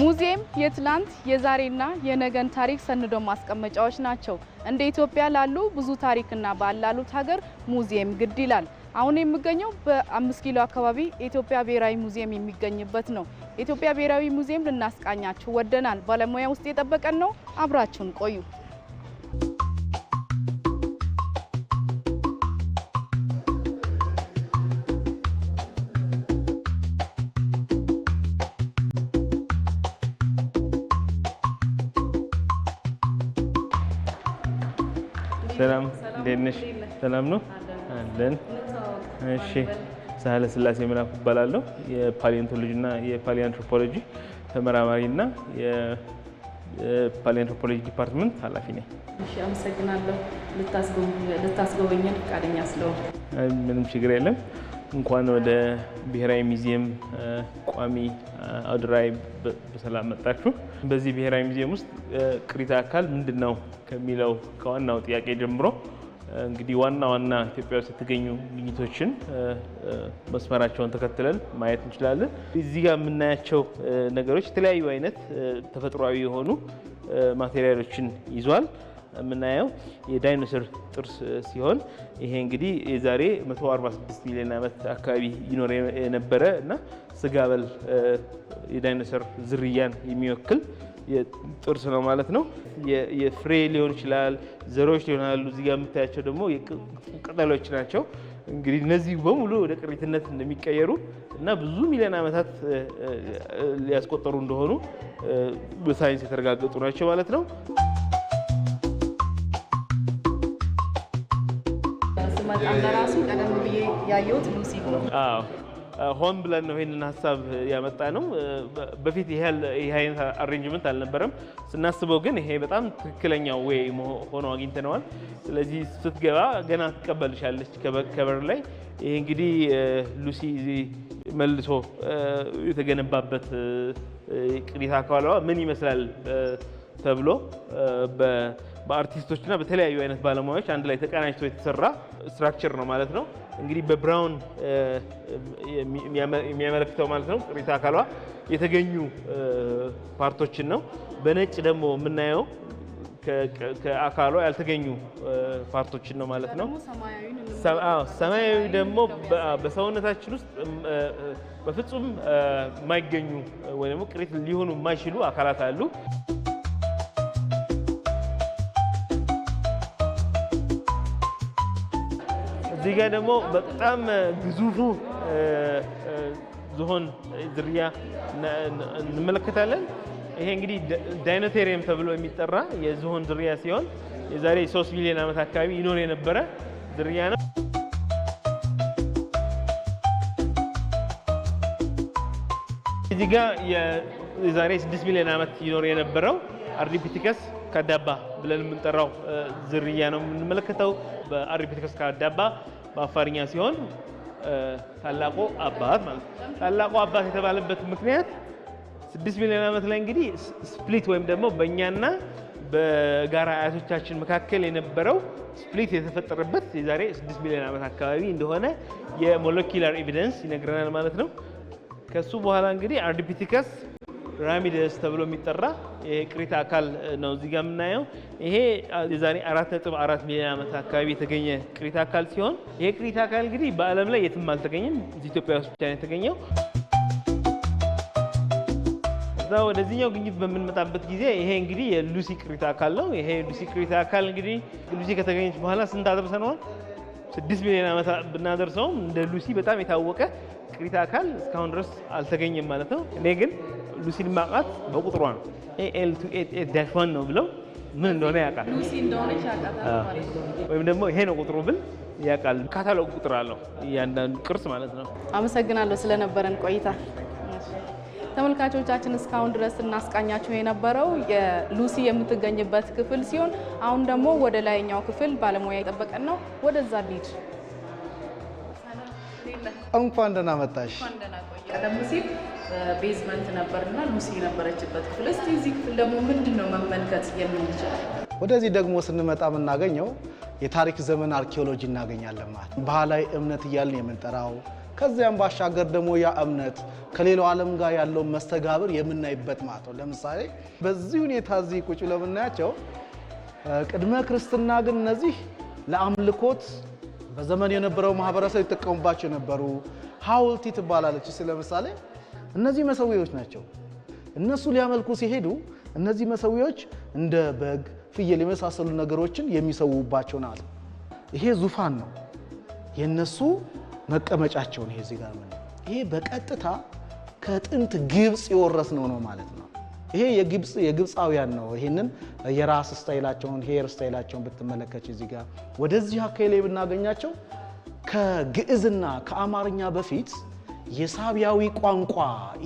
ሙዚየም የትላንት የዛሬና የነገን ታሪክ ሰንዶ ማስቀመጫዎች ናቸው። እንደ ኢትዮጵያ ላሉ ብዙ ታሪክና ባህል ላሉት ሀገር ሙዚየም ግድ ይላል። አሁን የምገኘው በአምስት ኪሎ አካባቢ የኢትዮጵያ ብሔራዊ ሙዚየም የሚገኝበት ነው። የኢትዮጵያ ብሔራዊ ሙዚየም ልናስቃኛችሁ ወደናል። ባለሙያ ውስጥ የጠበቀን ነው። አብራችሁን ቆዩ። ሰላም፣ እንዴት ነሽ? ሰላም ነው አለን። እሺ፣ ሳህለ ስላሴ መላኩ እባላለሁ። የፓሊዮንቶሎጂ የፓሊአንትሮፖሎጂ ተመራማሪ የፓሊአንትሮፖሎጂ ዲፓርትመንት ኃላፊ ነኝ። እሺ፣ አመሰግናለሁ ልታስጎበኘን ፈቃደኛ ስለሆነ። ምንም ችግር የለም። እንኳን ወደ ብሔራዊ ሙዚየም ቋሚ አውደራይ በሰላም መጣችሁ። በዚህ ብሔራዊ ሙዚየም ውስጥ ቅሪተ አካል ምንድን ነው ከሚለው ከዋናው ጥያቄ ጀምሮ እንግዲህ ዋና ዋና ኢትዮጵያ ውስጥ የተገኙ ግኝቶችን መስመራቸውን ተከትለን ማየት እንችላለን። እዚህ ጋር የምናያቸው ነገሮች የተለያዩ አይነት ተፈጥሯዊ የሆኑ ማቴሪያሎችን ይዟል። የምናየው የዳይኖሰር ጥርስ ሲሆን ይሄ እንግዲህ የዛሬ 146 ሚሊዮን ዓመት አካባቢ ይኖር የነበረ እና ስጋ በል የዳይኖሰር ዝርያን የሚወክል ጥርስ ነው ማለት ነው። የፍሬ ሊሆን ይችላል፣ ዘሮች ሊሆናሉ። እዚህ ጋር የምታያቸው ደግሞ ቅጠሎች ናቸው። እንግዲህ እነዚህ በሙሉ ወደ ቅሪትነት እንደሚቀየሩ እና ብዙ ሚሊዮን ዓመታት ሊያስቆጠሩ እንደሆኑ በሳይንስ የተረጋገጡ ናቸው ማለት ነው። ቀደም ብዬ ያየሁት ሉሲ ነው። ሆን ብለን ነው ይህንን ሀሳብ ያመጣ ነው። በፊት ይህ አይነት አሬንጅመንት አልነበረም። ስናስበው ግን ይሄ በጣም ትክክለኛው ወይ ሆኖ አግኝተነዋል። ስለዚህ ስትገባ ገና ትቀበልሻለች ከበር ላይ። ይሄ እንግዲህ ሉሲ መልሶ የተገነባበት ቅሪታ ከኋላዋ ምን ይመስላል ተብሎ በአርቲስቶችና በተለያዩ አይነት ባለሙያዎች አንድ ላይ ተቀናጅቶ የተሰራ ስትራክቸር ነው ማለት ነው። እንግዲህ በብራውን የሚያመለክተው ማለት ነው ቅሪተ አካሏ የተገኙ ፓርቶችን ነው። በነጭ ደግሞ የምናየው ከአካሏ ያልተገኙ ፓርቶችን ነው ማለት ነው። ሰማያዊ ደግሞ በሰውነታችን ውስጥ በፍጹም የማይገኙ ወይ ደግሞ ቅሪት ሊሆኑ የማይችሉ አካላት አሉ። እዚህ ጋር ደግሞ በጣም ግዙፉ ዝሆን ዝርያ እንመለከታለን። ይሄ እንግዲህ ዳይኖቴሪየም ተብሎ የሚጠራ የዝሆን ዝርያ ሲሆን የዛሬ 3 ሚሊዮን ዓመት አካባቢ ይኖር የነበረ ዝርያ ነው። እዚህ ጋር የዛሬ 6 ሚሊዮን ዓመት ይኖር የነበረው አርዲፒቲከስ ካዳባ ብለን የምንጠራው ዝርያ ነው የምንመለከተው። በአርዲፒቲከስ ካዳባ በአፋርኛ ሲሆን ታላቁ አባት ማለት ነው። ታላቁ አባት የተባለበት ምክንያት ስድስት ሚሊዮን ዓመት ላይ እንግዲህ ስፕሊት ወይም ደግሞ በእኛና በጋራ አያቶቻችን መካከል የነበረው ስፕሊት የተፈጠረበት የዛሬ 6 ሚሊዮን ዓመት አካባቢ እንደሆነ የሞለኪላር ኤቪደንስ ይነግረናል ማለት ነው። ከሱ በኋላ እንግዲህ አርዲፒቲከስ ራሚደስ ተብሎ የሚጠራ ቅሪተ አካል ነው እዚጋ የምናየው። ይሄ የዛሬ አራት ነጥብ አራት ሚሊዮን ዓመት አካባቢ የተገኘ ቅሪተ አካል ሲሆን ይሄ ቅሪተ አካል እንግዲህ በዓለም ላይ የትም አልተገኘም፣ እዚህ ኢትዮጵያ ውስጥ ብቻ ነው የተገኘው። እዛ ወደዚህኛው ግኝት በምንመጣበት ጊዜ ይሄ እንግዲህ የሉሲ ቅሪተ አካል ነው። ይሄ ሉሲ ቅሪተ አካል እንግዲህ ሉሲ ከተገኘች በኋላ ስንት አደርሰነዋል? ስድስት ሚሊዮን ዓመት ብናደርሰውም እንደ ሉሲ በጣም የታወቀ ቅሪተ አካል እስካሁን ድረስ አልተገኘም ማለት ነው። እኔ ግን ሉሲን ማውቃት በቁጥሯ ነው። ኤል ቱ ኤት ኤት ዳሽ ዋን ነው ብለው ምን እንደሆነ ያውቃል፣ ወይም ደግሞ ይሄ ነው ቁጥሩ ብል ያውቃል። ካታሎግ ቁጥር አለው እያንዳንዱ ቅርስ ማለት ነው። አመሰግናለሁ ስለነበረን ቆይታ። ተመልካቾቻችን እስካሁን ድረስ እናስቃኛችሁ የነበረው ሉሲ የምትገኝበት ክፍል ሲሆን አሁን ደግሞ ወደ ላይኛው ክፍል ባለሙያ የጠበቀን ነው። ወደዛ ሊድ እንኳን ደህና መጣሽ። ቀደም ሲል ቤዝመንት ነበርና ሉሲ የነበረችበት ክፍል። እስኪ እዚህ ክፍል ደግሞ ምንድን ነው መመልከት የምንችል? ወደዚህ ደግሞ ስንመጣ የምናገኘው የታሪክ ዘመን አርኪኦሎጂ እናገኛለን። ማለት ባህላዊ እምነት እያልን የምንጠራው ከዚያም ባሻገር ደግሞ ያ እምነት ከሌላው ዓለም ጋር ያለውን መስተጋብር የምናይበት ማለት ነው። ለምሳሌ በዚህ ሁኔታ እዚህ ቁጭ ለምናያቸው ቅድመ ክርስትና ግን እነዚህ ለአምልኮት በዘመን የነበረው ማህበረሰብ ይጠቀሙባቸው የነበሩ ሀውልት ትባላለች። ለምሳሌ እነዚህ መሰዊያዎች ናቸው። እነሱ ሊያመልኩ ሲሄዱ እነዚህ መሰዊያዎች እንደ በግ፣ ፍየል የመሳሰሉ ነገሮችን የሚሰውባቸው ናት። ይሄ ዙፋን ነው የነሱ መቀመጫቸውን። ይሄ እዚህ ጋር ይሄ በቀጥታ ከጥንት ግብፅ ነው ነው ማለት ነው። ይሄ የግብጽ የግብጻውያን ነው። ይሄንን የራስ ስታይላቸውን ሄር ስታይላቸውን ብትመለከች እዚህ ጋር ወደዚህ አካሌ ብናገኛቸው ከግዕዝና ከአማርኛ በፊት የሳቢያዊ ቋንቋ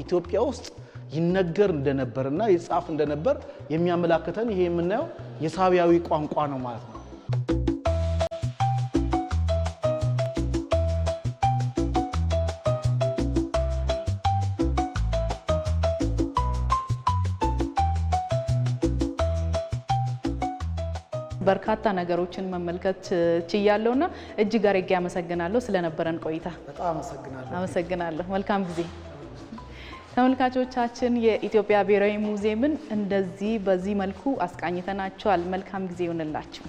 ኢትዮጵያ ውስጥ ይነገር እንደነበርና ይጻፍ እንደነበር የሚያመላክተን ይሄ የምናየው የሳቢያዊ ቋንቋ ነው ማለት ነው። በርካታ ነገሮችን መመልከት ችያለሁ እና እጅግ አድርጌ አመሰግናለሁ ስለነበረን ቆይታ። አመሰግናለሁ። አመሰግናለሁ። መልካም ጊዜ። ተመልካቾቻችን የኢትዮጵያ ብሔራዊ ሙዚየምን እንደዚህ በዚህ መልኩ አስቃኝተናቸዋል። መልካም ጊዜ ይሆንላችሁ።